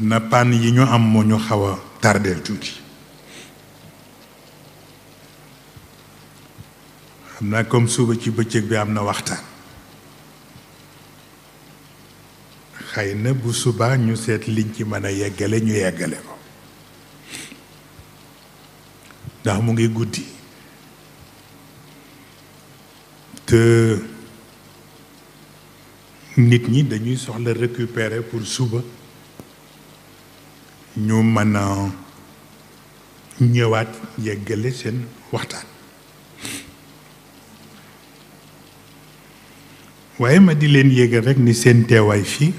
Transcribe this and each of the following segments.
xam yi ñu am moo ñu xaw a tardeel tuuti xam naa comme suba ci bëccëg bi am na waxtaan xëy na bu suba ñu seet liñ ci mën a yeggale ñu yeggale ko ndax mu ngi guddi te nit ñi dañuy soxla récupérer pour suba ñu mën a ñëwaat yeggale seen waxtaan waaye ma di leen yégal rekk ni seen teewaay fii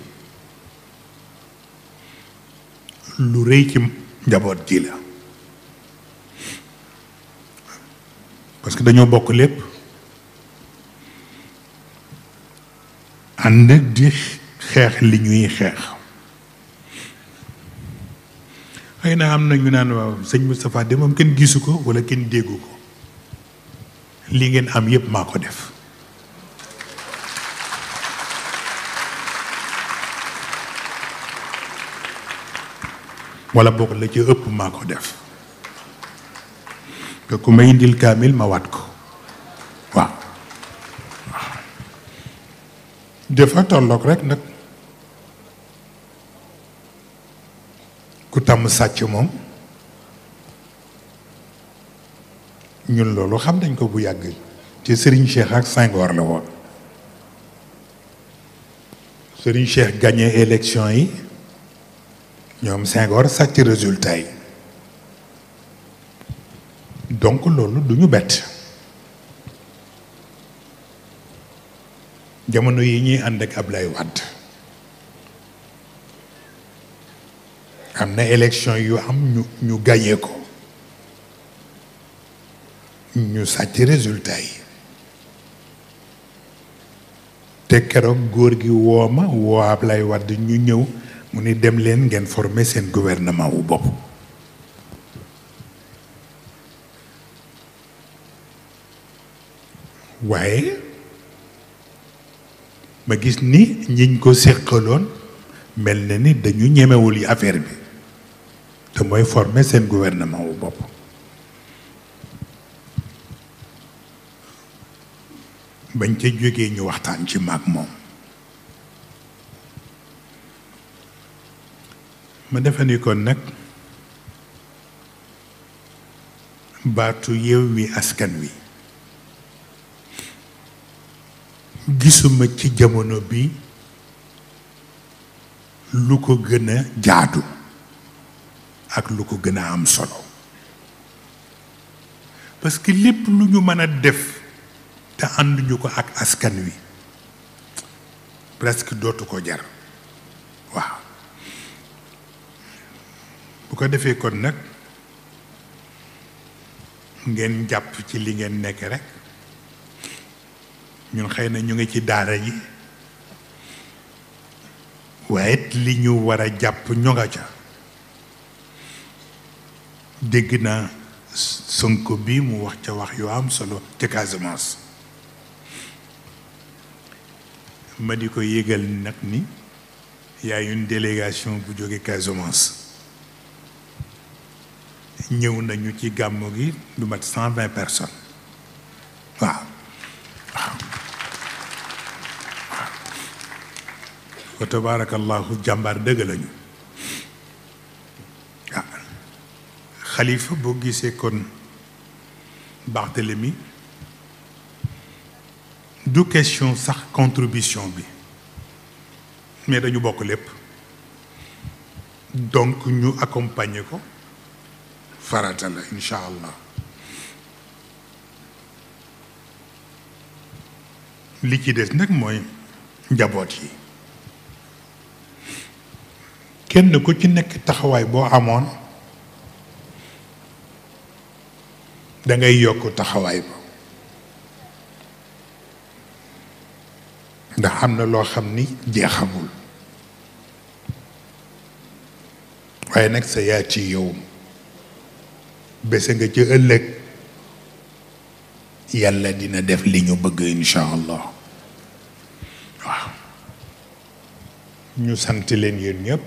lu rëy ci njaboot ji la parce que dañoo bokk lépp ànd di xeex li ñuy xeex xëy na am na ñu naan waaw sëñ Moustapha moom kenn gisu ko wala kenn déggu ko li ngeen am yépp maa ko def wala bokk la ci ëpp maa ko def te ku may indil kaamil ma waat ko waaw dafa tolloog rek nag tàmm sàcc moom ñun loolu xam nañ ko bu yàgg ci Serigne Cheikh ak Senghor la woon Serigne Cheikh gagné élection yi ñoom Senghor sàcc résultat yi donc loolu du ñu bett jamono yi ñuy ànd ak Ablaye Wade am na élection yu am ñu ñu gañe ko ñu sàcc résultat yi te keroog góor gi woo ma woo Ablaye Wade ñu ñëw mu ni dem leen ngeen forme seen gouvernement wu bopp waaye ma gis ni ñiñ ko séqaloon mel na ni dañu ñemewul yi affaire bi que mooy former seen gouvernement wu bopp bañ ca jógee ñu waxtaan ci maag moom ma defe ni kon nag baatu wi Askan Wi gisuma ci jamono bi lu ko gën a jaadu lu ko gën a am solo parce que lépp lu ñu mën a def te ànduñu ko ak askan wi presque dootu ko jar waaw bu ko defee kon nag ngeen jàpp ci li ngeen nekk rek ñun xëy na ñu ngi ci daara yi waaye li ñu war a jàpp ñu nga ca dégg na Sonko bii mu wax ca wax yu am solo ca Casamance ma di ko yëgal nag ni y délégation bu jóge Casamance ñëw nañu ci gàmmu gi lu mat cent vingt personnes waaw waaw wa tabaarakallahu jàmbaar dëgg lañu xalifa boo gisee kon Barthélemy du question sax contribution bi mais dañu bokk lépp donc ñu accompagner ko farata la incha allah li ci des nag mooy njaboot yi kenn ku ci nekk taxawaay boo amoon dangay yokk taxawaay ba ndax am na loo xam ni jeexamul waaye nag sa yaa ci yow bese nga ci ëllëg yàlla dina def li ñu bëgg incha allah waaw ñu sant leen yéen ñëpp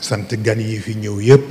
sant gan yi fi ñëw yëpp